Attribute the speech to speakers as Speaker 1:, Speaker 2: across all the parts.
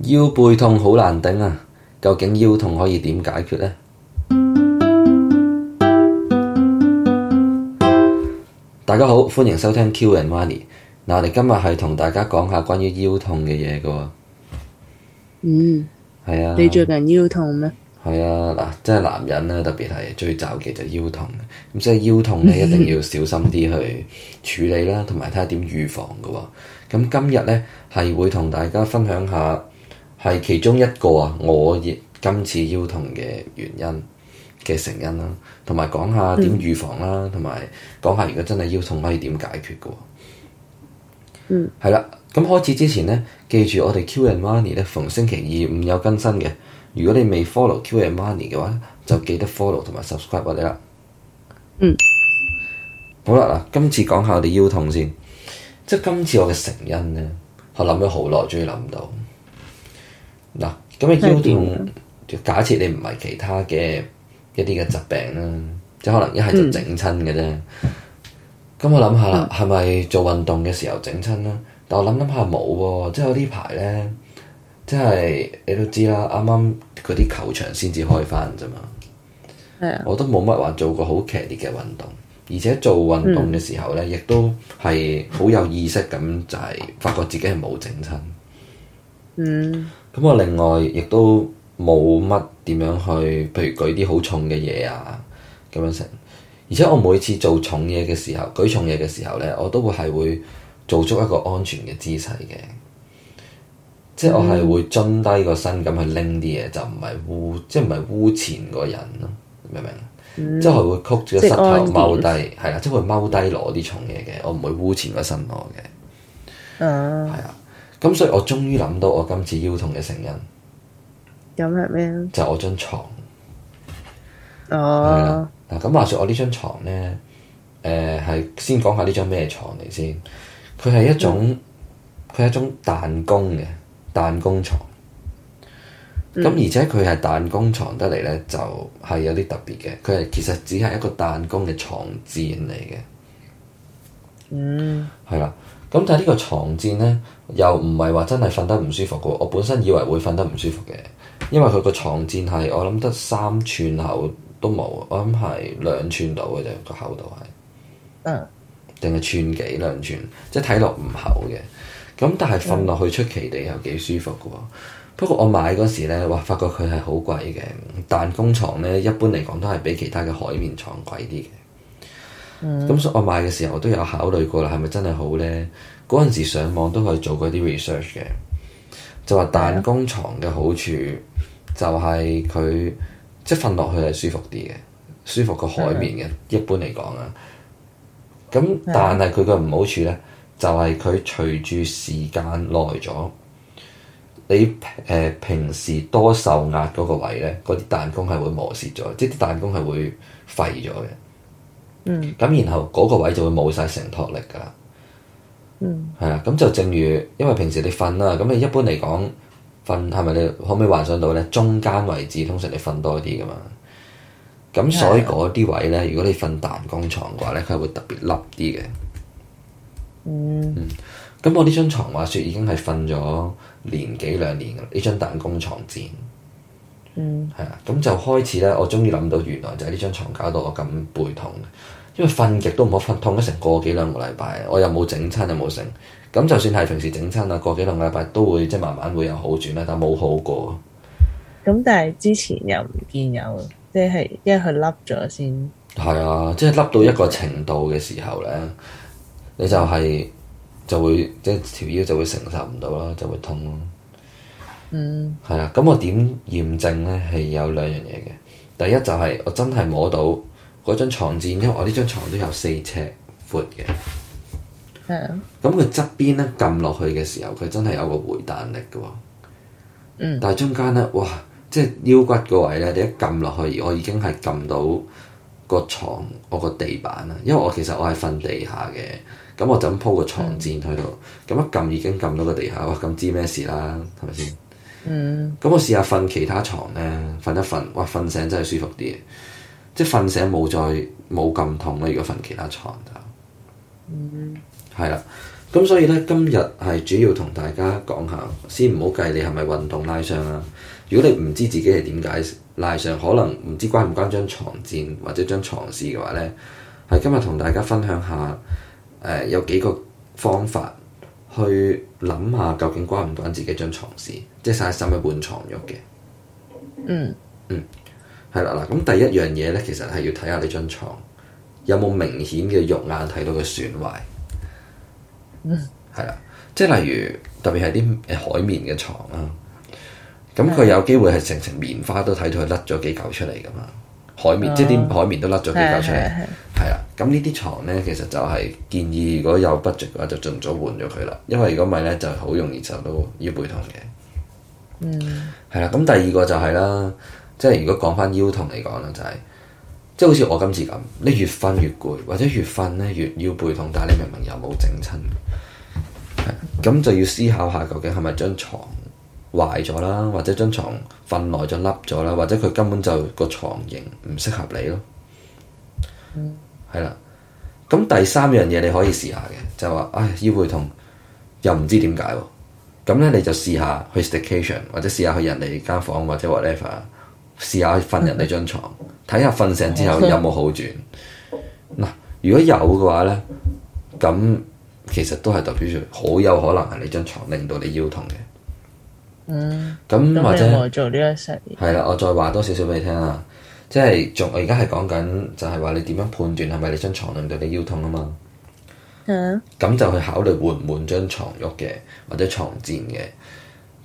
Speaker 1: 腰背痛好難頂啊！究竟腰痛可以點解決呢？嗯、大家好，歡迎收聽 Q and Money。嗱、啊，我哋今日係同大家講下關於腰痛嘅嘢嘅。嗯，係啊，你最近腰痛咩？係啊，嗱，即係男人咧，特別係最早嘅就腰痛，咁所以腰痛咧，一定要小心啲去， 去處理啦，同埋睇下點預防嘅。咁今日咧係會同大家分享下。係其中一個啊，我亦今次腰痛嘅原因嘅成因啦、啊，同埋講下點預防啦、啊，同埋講下如果真係腰痛可以點解決嘅、啊。嗯，係啦，咁開始之前呢，記住我哋 Q and Money 咧逢星期二五有更新嘅。如果你未 follow Q and Money 嘅話，就記得 follow 同埋 subscribe 我、啊、哋啦。嗯。好啦，嗱，今次講下我哋腰痛先。即係今次我嘅成因咧，我諗咗好耐，終於諗到。嗱，咁你腰痛，就假設你唔係其他嘅一啲嘅疾病啦，即可能一係就整親嘅啫。咁、嗯、我諗下啦，係咪、嗯、做運動嘅時候整親啦？但我諗諗下冇喎，即係我呢排呢，即係你都知啦，啱啱嗰啲球場先至開翻啫嘛。啊、我都冇乜話做過好劇烈嘅運動，而且做運動嘅時候呢，亦、嗯、都係好有意識咁、就係，就係發覺自己係冇整親。嗯。咁我另外亦都冇乜點樣去，譬如舉啲好重嘅嘢啊咁樣成。而且我每次做重嘢嘅時候，舉重嘢嘅時候咧，我都會係會做足一個安全嘅姿勢嘅。即係我係會蹲低個身咁去拎啲嘢，就唔係污，即係唔係污前個人咯，明唔明？即係會曲住個膝頭踎低，係啦，即係會踎低攞啲重嘢嘅，我唔會污前個身攞嘅。哦，係啊。咁所以，我終於諗到我今次腰痛嘅成因。有咩？咩？就我張床。哦、oh.。係啦。嗱、呃，咁話說，我呢張床咧，誒係先講下呢張咩床嚟先。佢係一種，佢係、mm. 一種彈弓嘅彈弓床。咁、mm. 而且佢係彈弓床得嚟咧，就係有啲特別嘅。佢係其實只係一個彈弓嘅牀墊嚟嘅。嗯、mm.。係啦。咁但係呢個床墊呢，又唔係話真係瞓得唔舒服嘅。我本身以為會瞓得唔舒服嘅，因為佢個床墊係我諗得三寸厚都冇，我諗係兩寸到嘅啫，個厚度係。定係寸幾兩寸，即係睇落唔厚嘅。咁但係瞓落去出奇地又幾舒服嘅。不過我買嗰時呢，哇，發覺佢係好貴嘅。彈弓床呢，一般嚟講都係比其他嘅海綿床貴啲嘅。咁所以，我買嘅時候都有考慮過啦，係咪真係好呢？嗰陣時上網都可以做過啲 research 嘅，就話彈弓床嘅好處就係佢即係瞓落去係舒服啲嘅，舒服過海綿嘅。的一般嚟講啊，咁的但係佢嘅唔好處呢，就係佢隨住時間耐咗，你誒、呃、平時多受壓嗰個位呢，嗰啲彈弓係會磨蝕咗，即係啲彈弓係會廢咗嘅。嗯，咁然後嗰個位就會冇晒承托力噶，嗯，係啊，咁就正如，因為平時你瞓啦、啊，咁你一般嚟講瞓係咪你可唔可以幻想到咧？中間位置通常你瞓多啲噶嘛，咁所以嗰啲位咧，如果你瞓彈弓床嘅話咧，佢係會特別凹啲嘅。嗯，咁、嗯、我呢張床話説已經係瞓咗年幾兩年噶啦，呢張彈弓床墊。嗯，係啊。咁就開始咧，我終於諗到，原來就係呢張床搞到我咁背痛，因為瞓極都唔好瞓，痛咗成個幾兩個禮拜，我又冇整親又冇成。咁就算係平時整親啊，過幾兩個禮拜都會即係慢慢會有好轉啦，但冇好過。咁但係之前又唔見有，即係因為佢凹咗先。係啊，即係凹，凹到一個程度嘅時候咧，你就係、是、就會即係條腰就會承受唔到啦，就會痛咯。嗯，係啊、mm.，咁我點驗證咧？係有兩樣嘢嘅。第一就係我真係摸到嗰張床墊，因為我呢張床都有四尺闊嘅。係啊、mm.。咁佢側邊咧撳，落去嘅時候，佢真係有個回彈力㗎。嗯。Mm. 但係中間咧，哇，即係腰骨個位咧，你一撳落去，我已經係撳到個床，我個地板啦。因為我其實我係瞓地下嘅，咁我就咁鋪個床墊喺度，咁、mm. 一撳已經撳到個地下，哇！咁知咩事啦？係咪先？嗯，咁我試下瞓其他床咧，瞓一瞓，哇，瞓醒真係舒服啲，即係瞓醒冇再冇咁痛啦。如果瞓其他床，就，係啦、嗯，咁所以呢，今日係主要同大家講下，先唔好計你係咪運動拉傷啦、啊。如果你唔知自己係點解拉傷，可能唔知關唔關張床墊或者張床試嘅話呢，係今日同大家分享下、呃，有幾個方法。去諗下究竟關唔關自己張床事，即係嘥心去換床褥嘅。嗯嗯，係啦嗱，咁第一樣嘢咧，其實係要睇下你張床有冇明顯嘅肉眼睇到嘅損壞。嗯，係啦，即係例如特別係啲誒海綿嘅床啊，咁佢、嗯、有機會係成層棉花都睇到佢甩咗幾嚿出嚟噶嘛。海綿，哦、即係啲海綿都甩咗幾嚿出嚟，係啦。咁呢啲床咧，其實就係建議如果有 budget 嘅話，就盡早換咗佢啦。因為如果唔係咧，就好容易受到腰背痛嘅。嗯，係啦。咁第二個就係、是、啦，即係如果講翻腰痛嚟講啦，就係、是，即係好似我今次咁，你越瞓越攰，或者越瞓咧越腰背痛，但係你明明又冇整親，咁就要思考下究竟係咪張床。壞咗啦，或者張床瞓耐咗凹咗啦，或者佢根本就個床型唔適合你咯。嗯，係啦。咁第三樣嘢，你可以試下嘅，就話、係、唉、哎、腰背痛又唔知點解，咁、嗯、咧你就試下去 staycation 或者試下去人哋間房或者 whatever 試下瞓人哋張床，睇下瞓醒之後有冇好轉。嗱，Okay. 如果有嘅話呢，咁其實都係代表住好有可能係你張床令到你腰痛嘅。嗯，咁那或者係啦，我再話多少少俾你聽啦，即係仲，我而家係講緊，就係、是、話你點樣判斷係咪你張床令到你腰痛啊嘛？咁、嗯、就去考慮換唔換張床褥嘅，或者床墊嘅。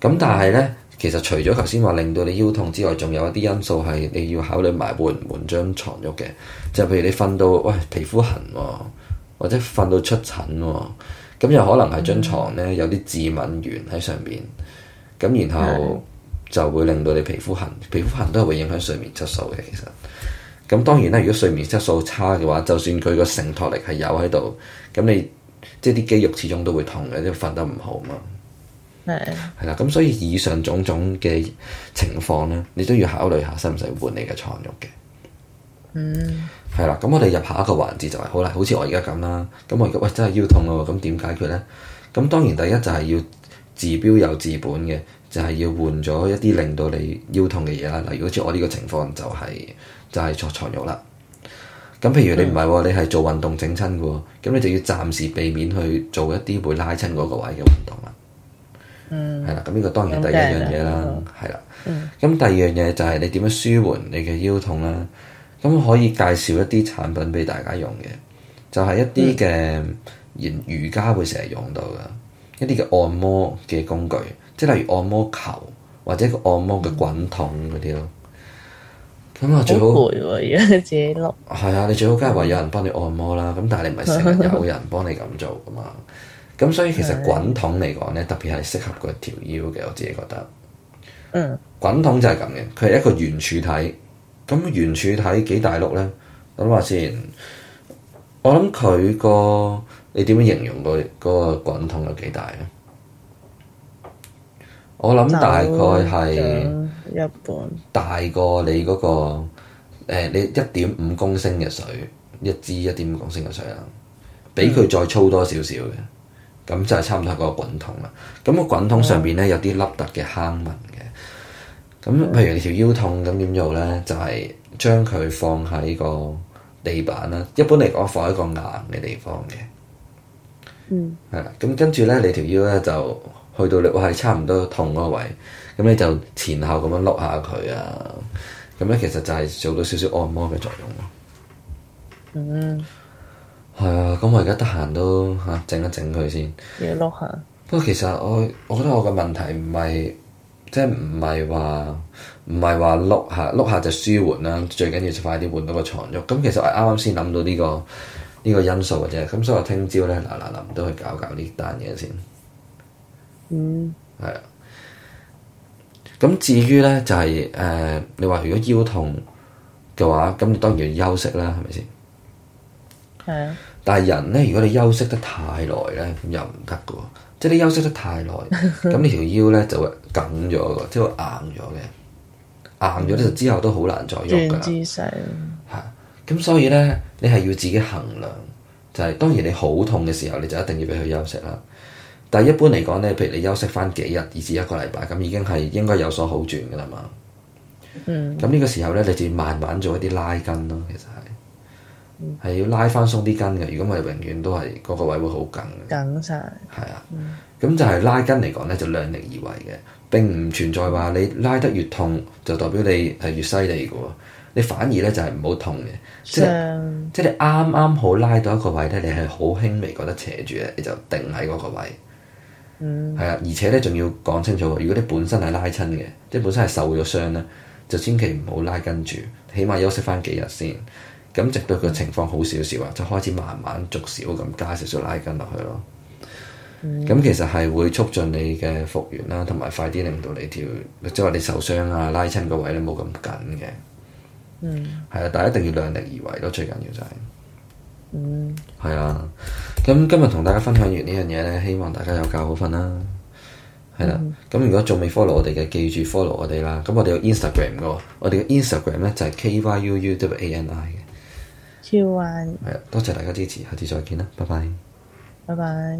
Speaker 1: 咁但係呢，嗯、其實除咗頭先話令到你腰痛之外，仲有一啲因素係你要考慮埋換唔換張床褥嘅。就係、是、譬如你瞓到喂皮膚痕、哦，或者瞓到出疹、哦，咁又可能係張床呢，嗯、有啲致敏原喺上面。咁然後就會令到你皮膚痕，皮膚痕都係會影響睡眠質素嘅。其實，咁當然啦，如果睡眠質素差嘅話，就算佢個承托力係有喺度，咁你即係啲肌肉始終都會痛嘅，因為瞓得唔好嘛。係係啦，咁所以以上種種嘅情況咧，你都要考慮下，使唔使換你嘅床褥嘅。嗯，係啦，咁我哋入下一個環節就係好啦，好似我而家咁啦，咁我而家喂真係腰痛咯，咁點解決咧？咁當然第一就係要。治標又治本嘅，就係、是、要換咗一啲令到你腰痛嘅嘢啦。例如好似我呢個情況就係、是、就係床褥啦。咁譬如你唔係、哦嗯、你係做運動整親嘅，咁你就要暫時避免去做一啲會拉親嗰個位嘅運動啦、嗯嗯。嗯、係、嗯、啦。咁呢個當然係第一樣嘢啦，係啦。咁第二樣嘢就係你點樣舒緩你嘅腰痛啦。咁可以介紹一啲產品俾大家用嘅，就係、是、一啲嘅瑜伽會成日用到噶。嗯嗯一啲嘅按摩嘅工具，即係例如按摩球或者個按摩嘅滾筒嗰啲咯。咁、嗯、啊，最好而家自己碌。係啊，你最好梗係話有人幫你按摩啦。咁 但係你唔係成日有人幫你咁做噶嘛。咁所以其實滾筒嚟講咧，的特別係適合個條腰嘅。我自己覺得，嗯，滾筒就係咁嘅，佢係一個圓柱體。咁圓柱體幾大碌咧？我諗話先，我諗佢個。你點樣形容佢？嗰個滾筒有幾大咧？我諗大概係一大過你嗰、嗰個誒，你一點五公升嘅水，一支一點五公升嘅水啦，俾佢再粗多少少嘅，咁就係差唔多個滾那那個滾一個滾筒啦。咁個滾筒上邊咧，有啲凹凸嘅坑紋嘅。咁譬如你條腰痛咁點做呢？就係將佢放喺個地板啦，一般嚟講，放喺個硬嘅地方嘅。嗯，係啦、嗯，咁跟住咧，你條腰咧就去到你，我係差唔多痛嗰個位，咁你就前後咁樣碌下佢啊，咁咧其實就係做到少少按摩嘅作用咯。嗯，係、哎、啊，咁我而家得閒都吓整一整佢先，要碌下。不過其實我我覺得我嘅問題唔係，即係唔係話唔係話碌下碌下就舒緩啦，最緊要就快啲換到個床褥。咁其實我啱啱先諗到呢、這個。呢個因素嘅啫，咁所以我聽朝咧嗱嗱臨都去搞搞呢單嘢先。嗯。係啊。咁至於咧就係、是、誒、呃，你話如果腰痛嘅話，咁你當然要休息啦，係咪先？係啊、嗯。但係人咧，如果你休息得太耐咧，咁又唔得嘅喎。即係你休息得太耐，咁 你條腰咧就會緊咗嘅，即係硬咗嘅。硬咗咧，之後都好難再喐㗎。轉姿勢、嗯咁所以咧，你係要自己衡量，就係、是、當然你好痛嘅時候，你就一定要俾佢休息啦。但係一般嚟講咧，譬如你休息翻幾日，以至一個禮拜，咁已經係應該有所好轉噶啦嘛。嗯。咁呢個時候咧，你就要慢慢做一啲拉筋咯。其實係，係、嗯、要拉翻鬆啲筋嘅。如果我哋永遠都係嗰、那個位會好緊。緊晒。係、嗯、啊。咁就係拉筋嚟講咧，就量力而圍嘅，並唔存在話你拉得越痛，就代表你係越犀利嘅。你反而咧就係唔好痛嘅，嗯、即係即係你啱啱好拉到一個位咧，你係好輕微覺得扯住咧，你就定喺嗰個位，係啊、嗯，而且咧仲要講清楚，如果你本身係拉親嘅，即係本身係受咗傷咧，就千祈唔好拉筋住，起碼休息翻幾日先，咁直到佢情況好少少啊，嗯、就開始慢慢逐少咁加少少拉筋落去咯，咁、嗯、其實係會促進你嘅復原啦，同埋快啲令到你條，即係話你受傷啊拉親個位咧冇咁緊嘅。嗯，係啊，但係一定要量力而為咯，最緊要就係、是，嗯，係啊，咁今日同大家分享完呢樣嘢咧，希望大家有覺好瞓啦，
Speaker 2: 係、嗯、啦，
Speaker 1: 咁如果仲未 follow 我哋嘅，記住 follow 我哋啦，咁我哋有 Instagram 噶，我哋嘅 Instagram 咧就係 k y u u w a n i 嘅，超好玩，係啊，多謝大家支持，下次再見啦，拜拜，拜拜。